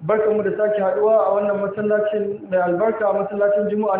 barkanmu da sake haduwa a wannan masallacin mai albarka masallacin juma'a na